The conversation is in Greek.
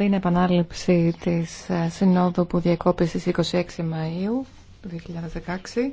Είναι επανάληψη της ε, Συνόδου που διακόπησε στις 26 Μαΐου του 2016.